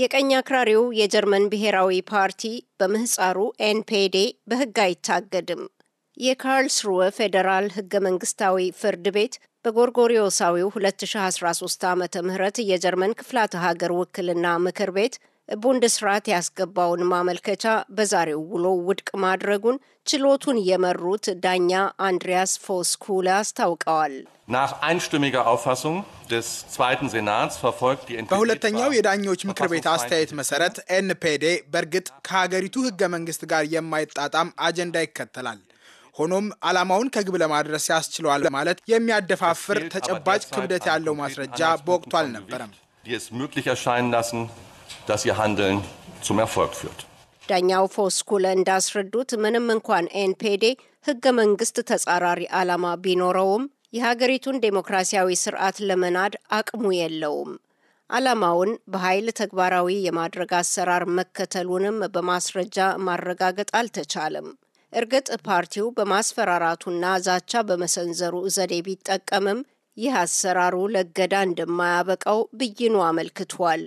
የቀኝ አክራሪው የጀርመን ብሔራዊ ፓርቲ በምህፃሩ ኤንፔዴ በህግ አይታገድም። የካርልስሩወ ፌዴራል ህገ መንግስታዊ ፍርድ ቤት በጎርጎሪዮሳዊው 2013 ዓ ም የጀርመን ክፍላተ ሀገር ውክልና ምክር ቤት ቡንደስራት ያስገባውን ማመልከቻ በዛሬው ውሎ ውድቅ ማድረጉን ችሎቱን የመሩት ዳኛ አንድሪያስ ፎስኩለ አስታውቀዋል። በሁለተኛው የዳኞች ምክር ቤት አስተያየት መሰረት ኤንፔዴ በእርግጥ ከሀገሪቱ ህገ መንግስት ጋር የማይጣጣም አጀንዳ ይከተላል። ሆኖም ዓላማውን ከግብ ለማድረስ ያስችለዋል ማለት የሚያደፋፍር ተጨባጭ ክብደት ያለው ማስረጃ በወቅቱ አልነበረም። dass ihr Handeln zum Erfolg führt። ዳኛው ፎስኩለ እንዳስረዱት ምንም እንኳን ኤንፔዴ ህገ መንግስት ተጻራሪ ዓላማ ቢኖረውም የሀገሪቱን ዴሞክራሲያዊ ስርዓት ለመናድ አቅሙ የለውም። ዓላማውን በኃይል ተግባራዊ የማድረግ አሰራር መከተሉንም በማስረጃ ማረጋገጥ አልተቻለም። እርግጥ ፓርቲው በማስፈራራቱና ዛቻ በመሰንዘሩ ዘዴ ቢጠቀምም ይህ አሰራሩ ለገዳ እንደማያበቃው ብይኑ አመልክቷል።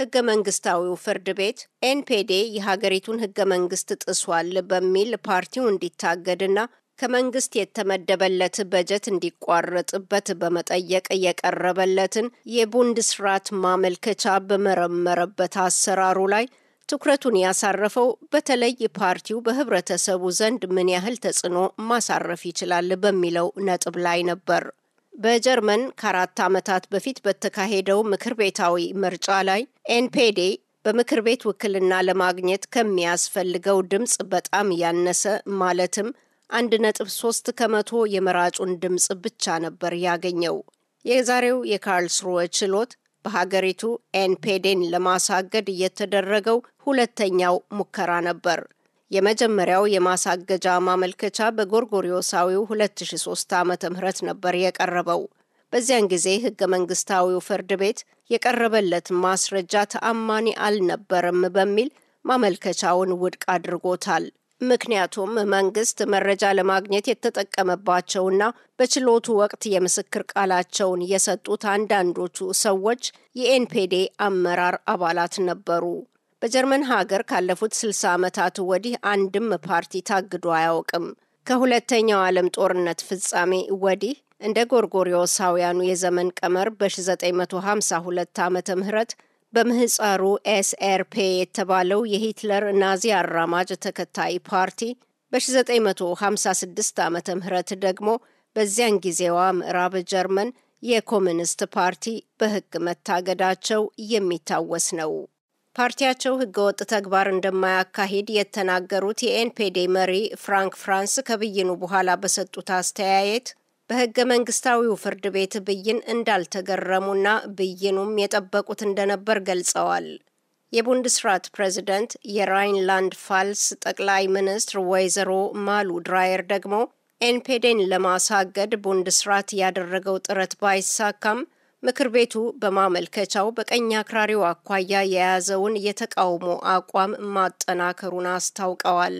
ህገ መንግስታዊው ፍርድ ቤት ኤንፔዴ የሀገሪቱን ህገ መንግስት ጥሷል በሚል ፓርቲው እንዲታገድና ከመንግስት የተመደበለት በጀት እንዲቋረጥበት በመጠየቅ የቀረበለትን የቡንድስራት ማመልከቻ በመረመረበት አሰራሩ ላይ ትኩረቱን ያሳረፈው በተለይ ፓርቲው በህብረተሰቡ ዘንድ ምን ያህል ተጽዕኖ ማሳረፍ ይችላል በሚለው ነጥብ ላይ ነበር። በጀርመን ከአራት ዓመታት በፊት በተካሄደው ምክር ቤታዊ ምርጫ ላይ ኤንፔዴ በምክር ቤት ውክልና ለማግኘት ከሚያስፈልገው ድምፅ በጣም ያነሰ ማለትም 1.3 ከመቶ የመራጩን ድምፅ ብቻ ነበር ያገኘው። የዛሬው የካርልስሩወ ችሎት በሀገሪቱ ኤንፔዴን ለማሳገድ የተደረገው ሁለተኛው ሙከራ ነበር። የመጀመሪያው የማሳገጃ ማመልከቻ በጎርጎሪዮሳዊው 2003 ዓ ም ነበር የቀረበው። በዚያን ጊዜ ህገ መንግስታዊው ፍርድ ቤት የቀረበለት ማስረጃ ተአማኒ አልነበረም በሚል ማመልከቻውን ውድቅ አድርጎታል። ምክንያቱም መንግስት መረጃ ለማግኘት የተጠቀመባቸውና በችሎቱ ወቅት የምስክር ቃላቸውን የሰጡት አንዳንዶቹ ሰዎች የኤንፔዴ አመራር አባላት ነበሩ። በጀርመን ሀገር ካለፉት 60 ዓመታት ወዲህ አንድም ፓርቲ ታግዶ አያውቅም። ከሁለተኛው ዓለም ጦርነት ፍጻሜ ወዲህ እንደ ጎርጎሪዮሳውያኑ የዘመን ቀመር በ1952 ዓ ም በምህፃሩ ኤስኤርፔ የተባለው የሂትለር ናዚ አራማጅ ተከታይ ፓርቲ በ1956 ዓ ም ደግሞ በዚያን ጊዜዋ ምዕራብ ጀርመን የኮሚኒስት ፓርቲ በሕግ መታገዳቸው የሚታወስ ነው። ፓርቲያቸው ህገወጥ ተግባር እንደማያካሂድ የተናገሩት የኤንፔዴ መሪ ፍራንክ ፍራንስ ከብይኑ በኋላ በሰጡት አስተያየት በህገ መንግስታዊው ፍርድ ቤት ብይን እንዳልተገረሙና ብይኑም የጠበቁት እንደነበር ገልጸዋል። የቡንድስራት ፕሬዚደንት የራይንላንድ ፋልስ ጠቅላይ ሚኒስትር ወይዘሮ ማሉ ድራየር ደግሞ ኤንፔዴን ለማሳገድ ቡንድስራት ያደረገው ጥረት ባይሳካም ምክር ቤቱ በማመልከቻው በቀኝ አክራሪው አኳያ የያዘውን የተቃውሞ አቋም ማጠናከሩን አስታውቀዋል።